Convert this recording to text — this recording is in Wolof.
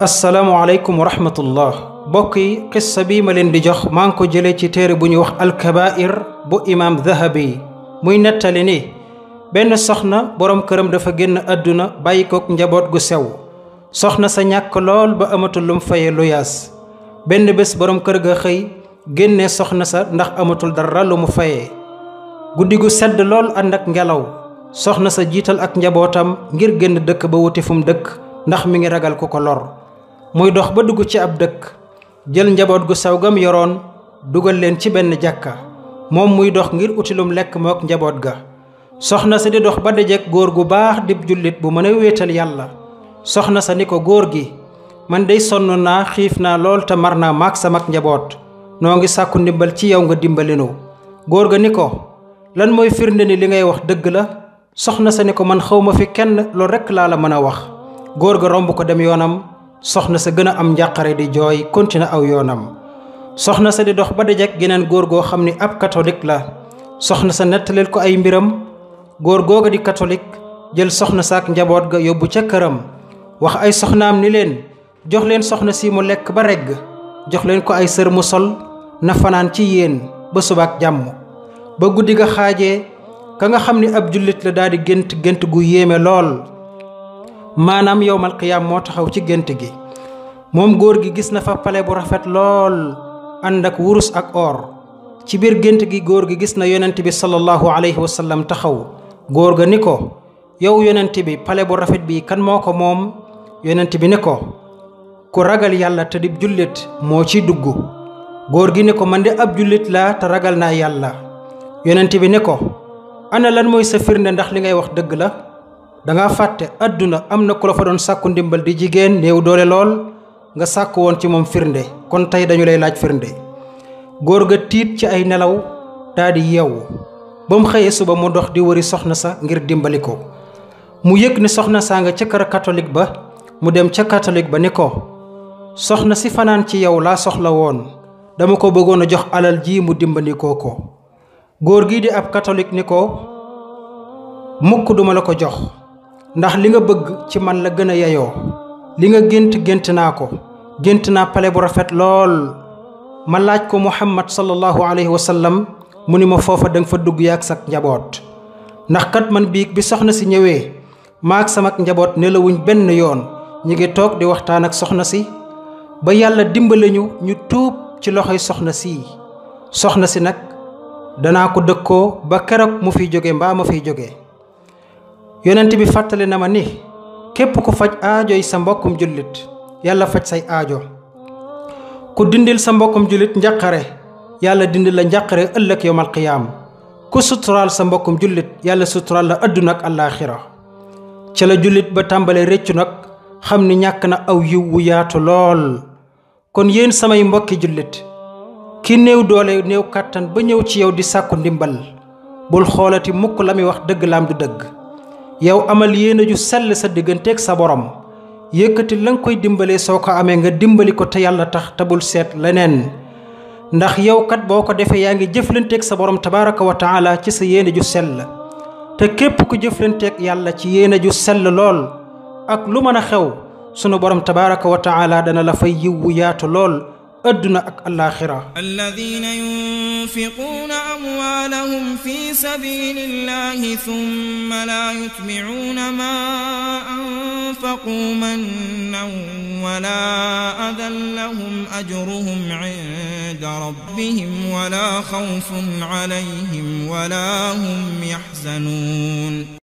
asalaamualeykum wa rahmatullah mbokk yi xissa bii ma leen di jox maa ngi ko jëlee ci téere bu ñuy wax alkabair bu imaam dahabi muy nettali ni benn soxna boroom këram dafa génn àdduna bàyyi kook njaboot gu sew soxna sa ñàkk lool ba amatul lum faye lu yaas benn bés boroom kër ga xëy génne soxna sa ndax amatul dara lu mu fayee guddi gu sedd lool ànd ak ngelaw soxna sa jiital ak njabootam ngir génn dëkk ba wuti fum dëkk ndax mi ngi ragal ku ko lor muy dox ba dugg ci ab dëkk jël njaboot gu sawgam gam yoroon dugal leen ci benn jàkka moom muy dox ngir utilum lekk mook njaboot ga soxna sa di dox ba dajeg góor gu baax dib jullit bu mën a wéetal yàlla soxna sa ni ko góor gi man day sonn naa xiif naa lool te mar naa maak sama njaboot noo ngi sàkku ndimbal ci yow nga dimbalinu góor ga ni lan mooy firnde ni li ngay wax dëgg la soxna sa ni ko man xawma fi kenn loolu rek laa la mën a wax góor ga romb ko dem yoonam soxna sa gën a am njàqare di jooy continue aw yoonam soxna sa di dox ba dajek geneen góor goo xam ni ab catholique la soxna sa nettaleel ko ay mbiram góor googa di catholique jël soxna saak njaboot ga yóbbu ca këram wax ay soxnaam ni leen jox leen soxna si mu lekk ba regg jox leen ko ay sër mu sol na fanaan ci yéen ba subaak jàmm ba guddi ga xaajee ka nga xam ni ab jullit la daal di gént gént guy yéeme lool maanaam yow qiyaam moo taxaw ci gént gi moom góor gi gis na fa pale bu rafet lool ànd ak wurus ak or ci biir gént gi góor gi gis na yonent bi sallallahu alayhi wa sallam taxaw góor ga ni ko yow yonent bi pale bu rafet bii kan moo ko moom yonent bi ni ko ku ragal yàlla te di jullit moo ciy dugg góor gi ni ko man de ab jullit la te ragal naa yàlla yonent bi ni ko ana lan mooy sa firnde ndax li ngay wax dëgg la da nga fatte aduna sakun ko la fa don sakku dimbal di jigen new dole lol nga sakku won ci mom firnde kon tay dañu lay laaj firnde gor ga tit ci ay nelaw daa yew bam ba suba dox di wori soxna sa ngir dimbaliko mu yek ni soxna sa nga ci kër catholique ba mu dem ci catholique ba niko soxna si fanan ci yow la soxla won dama ko bëggoon jox alal ji mu dimbali koko gor gi di ab niko mukk duma la ko jox ndax li nga bëgg ci man la gën a yeyoo li nga gént gént naa ko gént naa pale bu rafet lool ma laaj ko muhammad sallallahu alayhi wa sallam mu ni ma foofa danga fa dugg yaag sa njaboot ndax kat man biig bi soxna si ñëwee maag sama njaboot nelawuñ benn yoon ñu ngi toog di waxtaan ak soxna si ba yàlla dimbale ñu ñu tuub ci loxoy soxna si soxna si nag danaa ko dëkkoo ba keroog mu fiy jóge mbaa ma fiy jóge yonent bi fàttali na ma ni képp ku faj aajoy sa mbokkum jullit yàlla faj say aajo ku dindil sa mbokkum jullit njàqare yàlla dindil la njàqare ëllëg yowmal qiyaam ku suturaal sa mbokkum jullit yàlla suturaal la àdduna ak àllaaxira ca la jullit ba tàmbalee réccu nag xam ni ñàkk na aw yiw wu yaatu lool kon yéen samay mbokki jullit ki néew doole néew kàttan ba ñëw ci yow di sàkku ndimbal bul xoolati mukk la muy wax dëgg laam du dëgg yow amal yéene ju sell sa digganteeg sa borom yëkkati la koy dimbalee soo ko amee nga dimbali ko te yàlla tax tabul seet leneen ndax yow kat boo ko defee yaa ngi jëflanteeg sa borom tabaraka wa taala ci sa yéene ju sell te képp ku jëflanteeg yàlla ci yéene ju sell lool ak lu mën a xew sunu borom tabaraka wa taala dana la fay yiw wu yaatu lool أدنى الآخرة الذين ينفقون أموالهم في سبيل الله ثم لا يتبعون ما أنفقوا منا ولا أذى لهم أجرهم عند ربهم ولا خوف عليهم ولا هم يحزنون